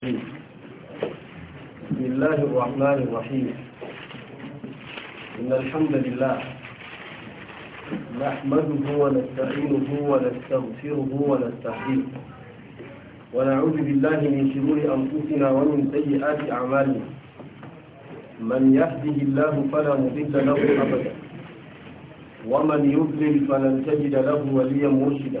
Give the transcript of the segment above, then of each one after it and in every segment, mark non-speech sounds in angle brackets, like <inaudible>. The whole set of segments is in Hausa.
بسم الله الرحمن الرحيم إن الحمد لله نحمده ونستعينه ونستغفره ونستهديه ونعوذ بالله من شرور أنفسنا ومن سيئات أعمالنا من يهده الله فلا مضل له أبدا ومن يضلل فلن تجد له وليا مرشدا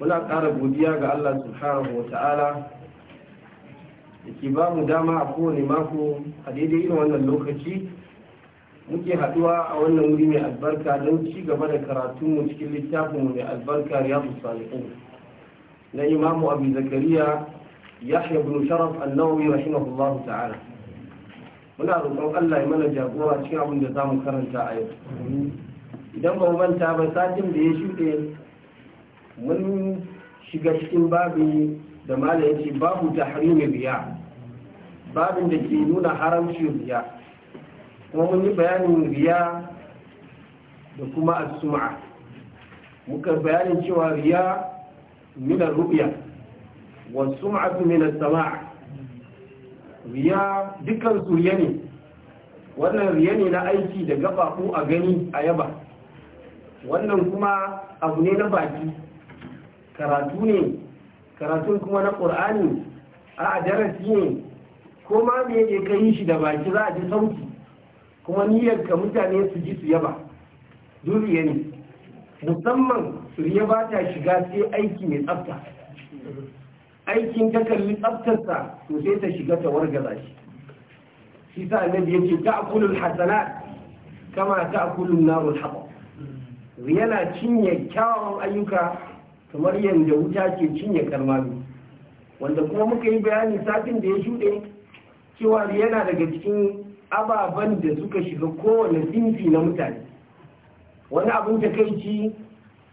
muna ƙara godiya ga Allah subhanahu wata'ala da ke ba mu dama a kowane mako a daidai irin wannan lokaci muke haɗuwa a wannan wuri mai albarka don ci gaba da mu cikin littafinmu mai albarka riyadu salihin na imamu abu zakariya yahya bin sharaf annawawi rahimahullahu ta'ala muna roƙon Allah ya mana jagora cikin abin da zamu karanta a yau idan ba manta ba satin da ya shuɗe mun shiga cikin babi da mala ya ce babu tahrimi riya babin da ke nuna haramci riya kuma mun yi bayanin riya da kuma asuma muka bayanin cewa riya minar rubiya wasu ma'afi minar sama riya dukkan su riya ne wannan riya ne na aiki da gaba ko a gani a yaba wannan kuma abu ne na baki karatu ne karatun kuma na ƙur'ani a darasi ne ko ma me yake ka yi shi da baki za a ji sauti kuma niyyar ka mutane su ji su yaba duriya ne musamman riya ba ta shiga sai aiki mai tsafta aikin ta kalli tsaftarsa to sai ta shiga ta wargaza shi shi sa annabi yake ta'kulul hasanat kama ta ta'kulun narul Riya na cinye kyawawan ayyuka kamar yadda wuta ke cinye karmami wanda kuma muka yi bayani satin da ya shuɗe cewa yana daga cikin ababen da suka shiga kowane sinfi na mutane wani abin takaici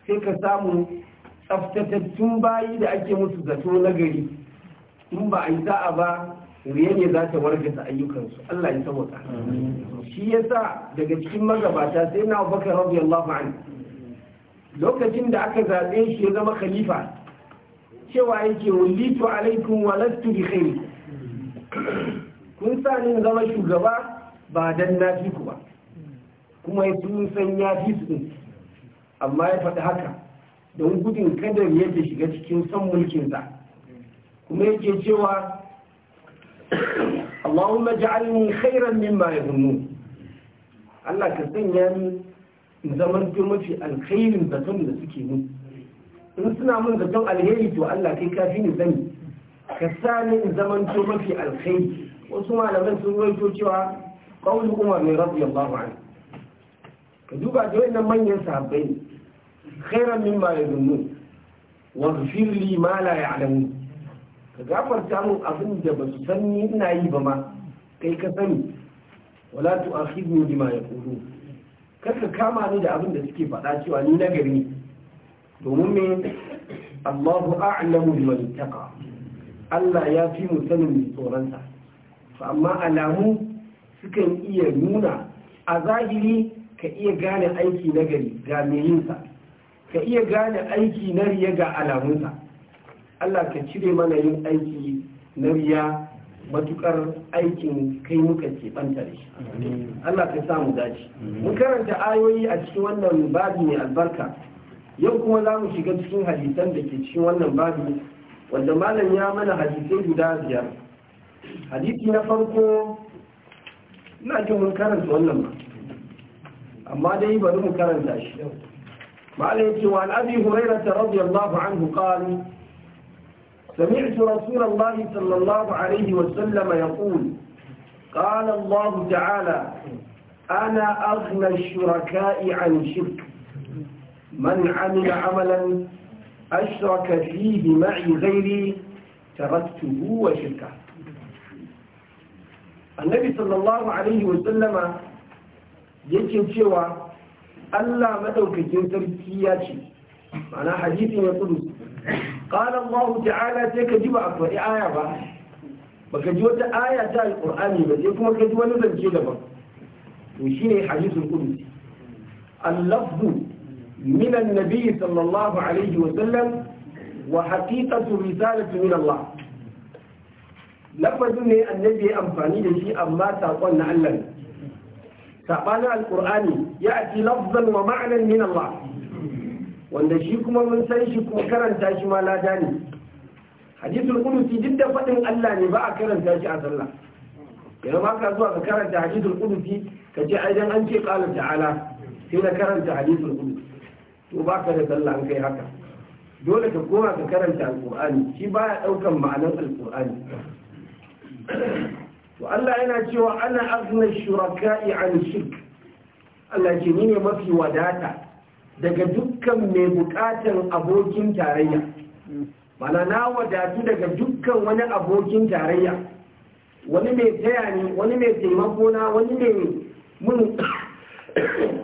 sai ka samu tsaftatattun bayi da ake musu zato na gari in ba a yi sa'a ba wuri ne za ta wargasa ayyukansu Allah ya sauka shi ya sa daga cikin magabata sai na Abubakar radiyallahu anhu lokacin da aka zaɓe shi ya zama khalifa cewa yake wallitu alaikum wa lastu bi khairi kun sa ni zama shugaba ba dan na fi ku ba kuma ya sun san ya fi su amma ya faɗi haka don gudun kadar yadda shiga cikin son mulkinsa kuma yake cewa Allahumma ja'alni khairan mimma hannu. Allah ka sanya ni zaman to mafi alkhairin zaton da suke mun in suna mun zaton alheri to Allah kai kafi ni sani ka sa ni in zaman mafi alkhairi wasu malaman sun rawaito cewa qawlu umar ne radiyallahu anhu ka duba da wannan manyan sahabbai ne khairan mimma yadunnu wa ghfir li ma la ya'lamun ka gafarta mun abin da ba su san ni ina yi ba ma kai ka sani wala tu'akhidni bima yaqulun ka kama ni da abin da suke faɗa cewa ni nagari domin me Allahu a'lamu liman taqa Allah ya fi mu sanin tsoronsa fa amma alamu sukan iya nuna a zahiri ka iya gane aiki nagari ga sa ka iya gane aiki na riya ga alamunsa Allah ka cire mana yin aiki na riya matukar aikin kai muka keɓanta da shi Allah ka samu dace mun karanta ayoyi a cikin wannan babi mai albarka yau kuma za mu shiga cikin hadisan da ke cikin wannan babi wanda malam ya mana hadisai guda biyar hadisi na farko ina jin mun karanta wannan ba amma dai bari mu karanta shi malam ya ce wa al'abi hurairah radiyallahu anhu qala سمعت رسول الله صلى الله عليه وسلم يقول قال الله تعالى أنا أغنى الشركاء عن شرك من عمل عملا أشرك فيه معي غيري تركته وشركه النبي صلى الله عليه وسلم يجب سوى ألا مدوك sarki كياتي ce حديث يقول قال الله تعالى تكذب أكبر آية با بكذب آية تا آية القرآن بذيكم كذب نزل جلبا وشيني حديث القدس اللفظ من النبي صلى الله عليه وسلم وحقيقة رسالة من الله لفظ من النبي أنفاني لشيء ما تقول نعلم تقال القرآن يأتي لفظا ومعنى من الله wanda shi kuma mun san shi kuma karanta shi ma lada ne hadisul qudusi duk da faɗin Allah ne ba a karanta shi a sallah yanzu ma ka zuwa ka karanta hadisul qudusi ka ce aidan an ce qala ta'ala sai na karanta hadisul qudusi to ba ka da sallah an kai haka dole ka koma ka karanta alqur'ani shi baya daukan ma'anar alqur'ani to Allah yana cewa ana aghna shuraka'i an shirk Allah ce ni ne mafi wadata daga dukkan mai bukatan abokin tarayya mana na wadatu daga dukkan wani abokin tarayya wani mai taya ni wani mai taimako na wani mai mun <coughs>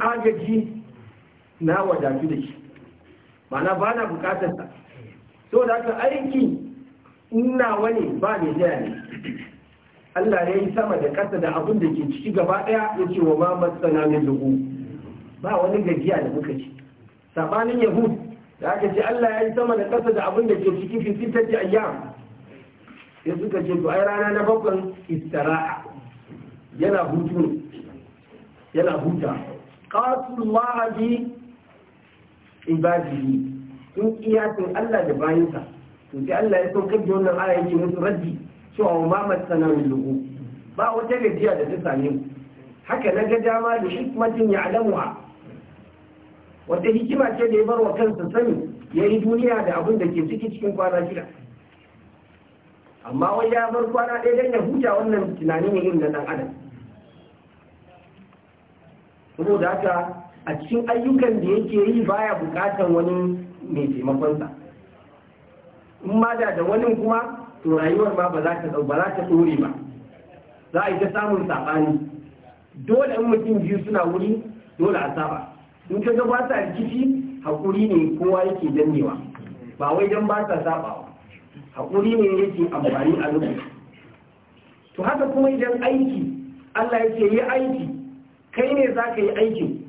agaji na wadatu da shi mana ba na bukatarsa so da aka aiki ina wani ba mai taya ne Allah ya yi sama da ƙasa da abin da ke ciki gaba ɗaya ya ce wa ma matsala min lugu ba wani gajiya da muka ci sabanin yahud da aka ce Allah ya yi sama da ƙasa da abin da ke cikin fifitacce ayyam sai suka ce to ai rana na bakon istira'a yana hutu yana huta qasullaha bi ibadihi sun iyakin Allah da bayinsa to sai Allah ya saukar da wannan aya yake musu raddi cewa ma masana min lugu ba wata gajiya da ta same haka na ga dama da hikmatin ya'lamuha wata hikima ce da ya bar wa kansa sani ya yi duniya da abin da ke ciki cikin kwana shida amma wai ya bar kwana ɗaya don ya huta wannan tunani ne irin na ɗan adam saboda haka a cikin ayyukan da yake yi baya buƙatar wani mai taimakonsa in ma da da wani kuma to rayuwar ma ba za ta ba za ta ɗore ba za a yi ta samun saɓani dole in mutum biyu suna wuri dole a saba in ka ga ba rikici haƙuri ne kowa yake dannewa ba wai don ba sa hakuri haƙuri ne yake amfani a lokaci to haka kuma idan aiki Allah ya ce yi aiki kai ne za ka yi aiki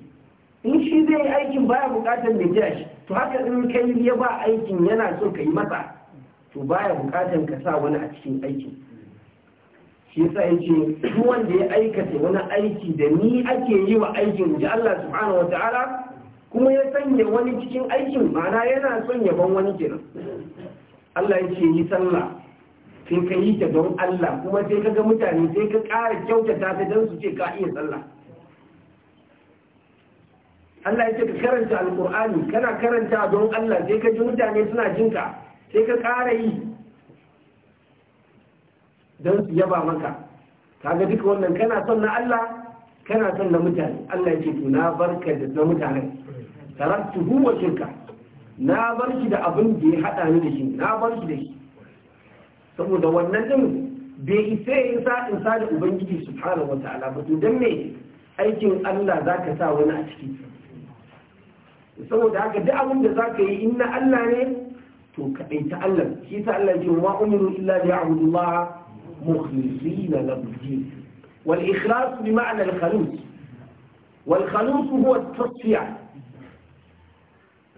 in shi zai yi aikin baya bukatar da biya shi to haka in kai ya ba aikin yana so ka yi masa to baya bukatar ka sa wani a cikin aiki. shi yasa yace duk wanda ya aikata wani aiki da ni ake yi wa aikin ji Allah subhanahu wataala kuma ya sanya wani cikin aikin mana yana son yaban wani kenan Allah yace yi sallah sai ka yi ta don Allah kuma sai ka ga mutane sai ka ƙara kyautata ta don su ce ka iya sallah Allah ya ce ka karanta alkur'ani kana karanta don Allah sai ka ji mutane suna jinka sai ka ƙara yi don su yaba maka kaga duka wannan kana son na Allah kana son na mutane Allah ya ce to na barka da na mutane, taraktu huwa shirka na bar shi da abin da ya hada ni da shi na bar shi da shi saboda wannan din bai isa ya sa in sa da ubangiji subhanahu wataala ba to dan me aikin Allah zaka sa wani a ciki saboda haka duk abin da zaka yi in na Allah ne to kadai ta Allah shi sa Allah ya ce wa umiru illa bi'abdullah مخلصين له الدين والإخلاص بمعنى الخلوص والخلوص هو التصفية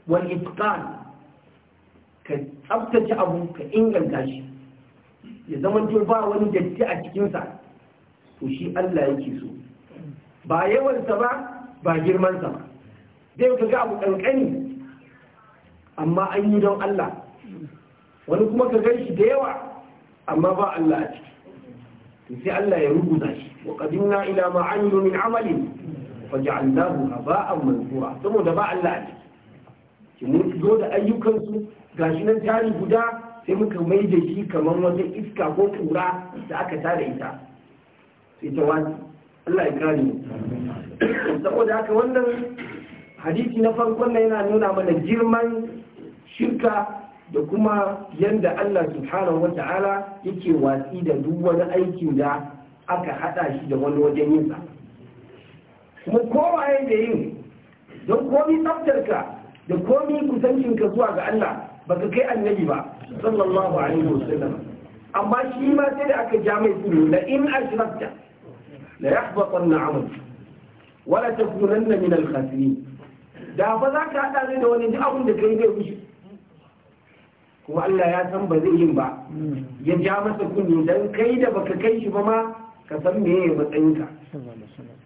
والإتقان كتبتج أبوك إن الجاشي ya zama ba wani datti a cikinsa to shi Allah yake so ba yawansa ba ba girmansa ba zai ka ga abu kankani amma an yi don Allah wani kuma ka gan shi da yawa amma ba Allah a sai Allah ya rubuta shi wa qadimna ila ma amilu min amalin faj'alnahu haba'an mansura saboda ba Allah ne ki mun zo da ayyukan su gashi nan tari guda sai muka mai da shi kamar wata iska ko kura da aka tare ita sai ta wani Allah ya kare mu saboda haka wannan hadisi na farkon yana nuna mana girman shirka da kuma yadda Allah subhanahu wata'ala yake watsi da duk wani aikin da aka hada shi da wani wajen yinsa kuma kowa da yin don komi tsaftarka da komi kusancinka zuwa ga Allah baka kai annabi ba sallallahu alaihi wasallam amma shi ma sai da aka ja mai tsoro la in ashrakta la yahbatanna amal wala takunanna min al-khasirin da ba za ka hada zai da wani duk abin da kai zai kuma Allah ya san ba zai yin ba ya ja masa kunni dan kai da baka kai shi ba ma ka san meye matsayinka